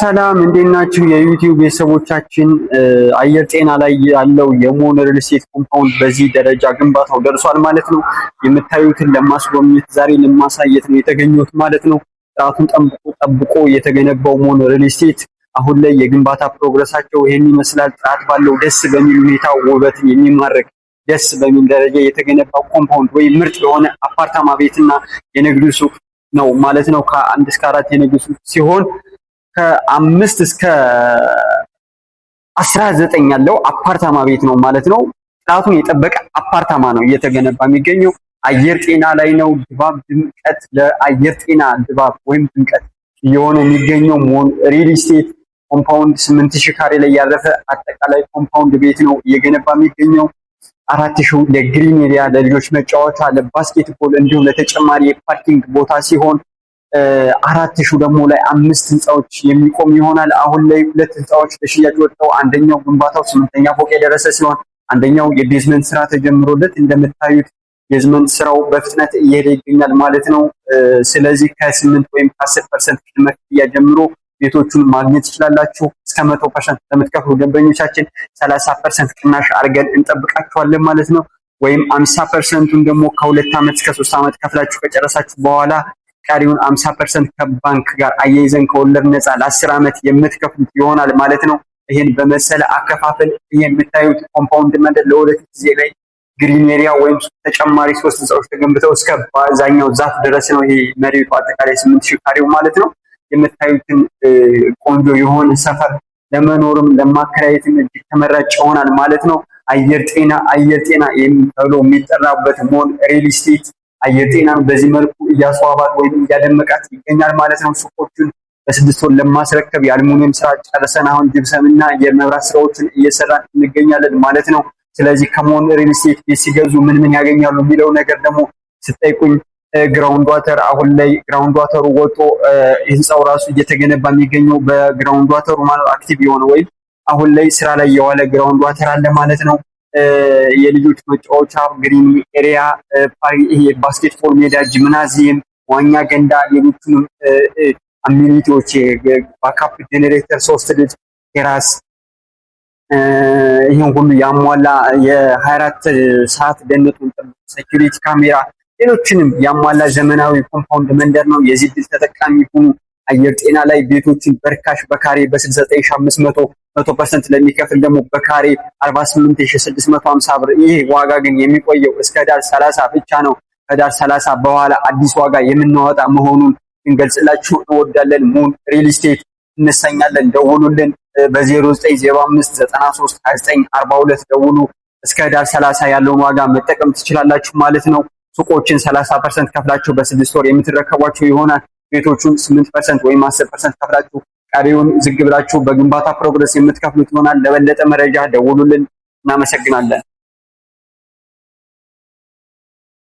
ሰላም እንዴት ናችሁ? የዩቲዩብ ቤተሰቦቻችን አየር ጤና ላይ ያለው የሞን ሪል ስቴት ኮምፓውንድ በዚህ ደረጃ ግንባታው ደርሷል ማለት ነው። የምታዩትን ለማስጎብኘት ዛሬ ለማሳየት ነው የተገኘሁት ማለት ነው። ጥራቱን ጠብቆ ጠብቆ የተገነባው ሞን ሪል ስቴት አሁን ላይ የግንባታ ፕሮግረሳቸው ይሄን ይመስላል። ጥራት ባለው ደስ በሚል ሁኔታ ውበትን የሚማርክ ደስ በሚል ደረጃ የተገነባ ኮምፓውንድ ወይም ምርጥ የሆነ አፓርታማ ቤትና የንግድ ሱቅ ነው ማለት ነው። ከአንድ እስከ አራት የንግድ ሱቅ ሲሆን ከአምስት እስከ አስራ ዘጠኝ ያለው አፓርታማ ቤት ነው ማለት ነው። ጥራቱን የጠበቀ አፓርታማ ነው እየተገነባ የሚገኘው። አየር ጤና ላይ ነው። ድባብ ድምቀት፣ ለአየር ጤና ድባብ ወይም ድምቀት እየሆነ የሚገኘው ሞን ሪል ስቴት ኮምፓውንድ ስምንት ሺህ ካሬ ላይ ያረፈ አጠቃላይ ኮምፓውንድ ቤት ነው እየገነባ የሚገኘው። አራት ሺህ ለግሪን ኤሪያ ለልጆች መጫወቻ፣ ለባስኬትቦል እንዲሁም ለተጨማሪ የፓርኪንግ ቦታ ሲሆን አራት ሺው ደግሞ ላይ አምስት ህንፃዎች የሚቆም ይሆናል። አሁን ላይ ሁለት ህንፃዎች ለሽያጭ ወጥተው አንደኛው ግንባታው ስምንተኛ ፎቅ የደረሰ ሲሆን አንደኛው የቤዝመንት ስራ ተጀምሮለት እንደምታዩት ቤዝመንት ስራው በፍጥነት እየሄደ ይገኛል ማለት ነው። ስለዚህ ከስምንት ወይም ከአስር ፐርሰንት ቅድመ ክፍያ ጀምሮ ቤቶቹን ማግኘት ትችላላችሁ። እስከ መቶ ፐርሰንት ለምትከፍሉ ደንበኞቻችን ሰላሳ ፐርሰንት ቅናሽ አድርገን እንጠብቃችኋለን ማለት ነው። ወይም አምሳ ፐርሰንቱን ደግሞ ከሁለት ዓመት እስከ ሶስት ዓመት ከፍላችሁ ከጨረሳችሁ በኋላ ቀሪውን 50% ከባንክ ጋር አያይዘን ከወለድ ነፃ ለ10 ዓመት የምትከፍሉት ይሆናል ማለት ነው። ይህን በመሰለ አከፋፈል የምታዩት ኮምፓውንድ መንደር ለወደፊት ጊዜ ላይ ግሪኔሪያ ወይም ተጨማሪ ሶስት ህንፃዎች ተገንብተው እስከ ባዛኛው ዛፍ ድረስ ነው። ይሄ መሬቱ አጠቃላይ ስምንት 8000 ካሬው ማለት ነው። የምታዩትን ቆንጆ የሆነ ሰፈር ለመኖርም ለማከራየትም እጅግ ተመራጭ ይሆናል ማለት ነው። አየር ጤና አየር ጤና ተብሎ የሚጠራበት ሞል ሪል ስቴት አየር ጤናን በዚህ መልኩ እያስዋባት ወይም እያደመቃት ይገኛል ማለት ነው። ሱቆቹን በስድስት ወር ለማስረከብ የአልሙኒየም ስራ ጨርሰን አሁን ጅብሰምና የመብራት ስራዎችን እየሰራን እንገኛለን ማለት ነው። ስለዚህ ከመሆን ሪልስቴት ቤት ሲገዙ ምን ምን ያገኛሉ የሚለው ነገር ደግሞ ስጠይቁኝ ግራውንድ ዋተር አሁን ላይ ግራውንድ ዋተሩ ወጦ ህንፃው ራሱ እየተገነባ የሚገኘው በግራውንድ ዋተሩ ማለት አክቲቭ የሆነ ወይም አሁን ላይ ስራ ላይ የዋለ ግራውንድ ዋተር አለ ማለት ነው። የልጆች መጫወቻ ግሪን ኤሪያ፣ ባስኬትቦል ሜዳ፣ ጂምናዚየም፣ ዋኛ ገንዳ፣ ሌሎቹንም አሚኒቲዎች፣ ባካፕ ጄኔሬተር፣ ሶስት ልጅ ቴራስ ይህን ሁሉ ያሟላ የሀያ አራት ሰዓት ደህንነቱን ሴኪሪቲ ካሜራ ሌሎችንም ያሟላ ዘመናዊ ኮምፓውንድ መንደር ነው። የዚህ ድል ተጠቃሚ ሁኑ። አየር ጤና ላይ ቤቶችን በርካሽ በካሬ በ69500 መቶ ፐርሰንት ለሚከፍል ደግሞ በካሬ 48650 ብር። ይህ ዋጋ ግን የሚቆየው እስከ ዳር 30 ብቻ ነው። ከዳር 30 በኋላ አዲስ ዋጋ የምናወጣ መሆኑን እንገልጽላችሁ እንወዳለን። ሙን ሪል ስቴት እንሰኛለን። ደውሉልን በ0905932942 ደውሉ። እስከ ዳር 30 ያለውን ዋጋ መጠቀም ትችላላችሁ ማለት ነው። ሱቆችን 30% ከፍላችሁ በስድስት ወር የምትረከቧቸው ይሆናል። ቤቶቹን 8% ወይም 10% ከፍላችሁ ቀሪውን ዝግ ብላችሁ በግንባታ ፕሮግረስ የምትከፍሉት ይሆናል። ለበለጠ መረጃ ደውሉልን። እናመሰግናለን።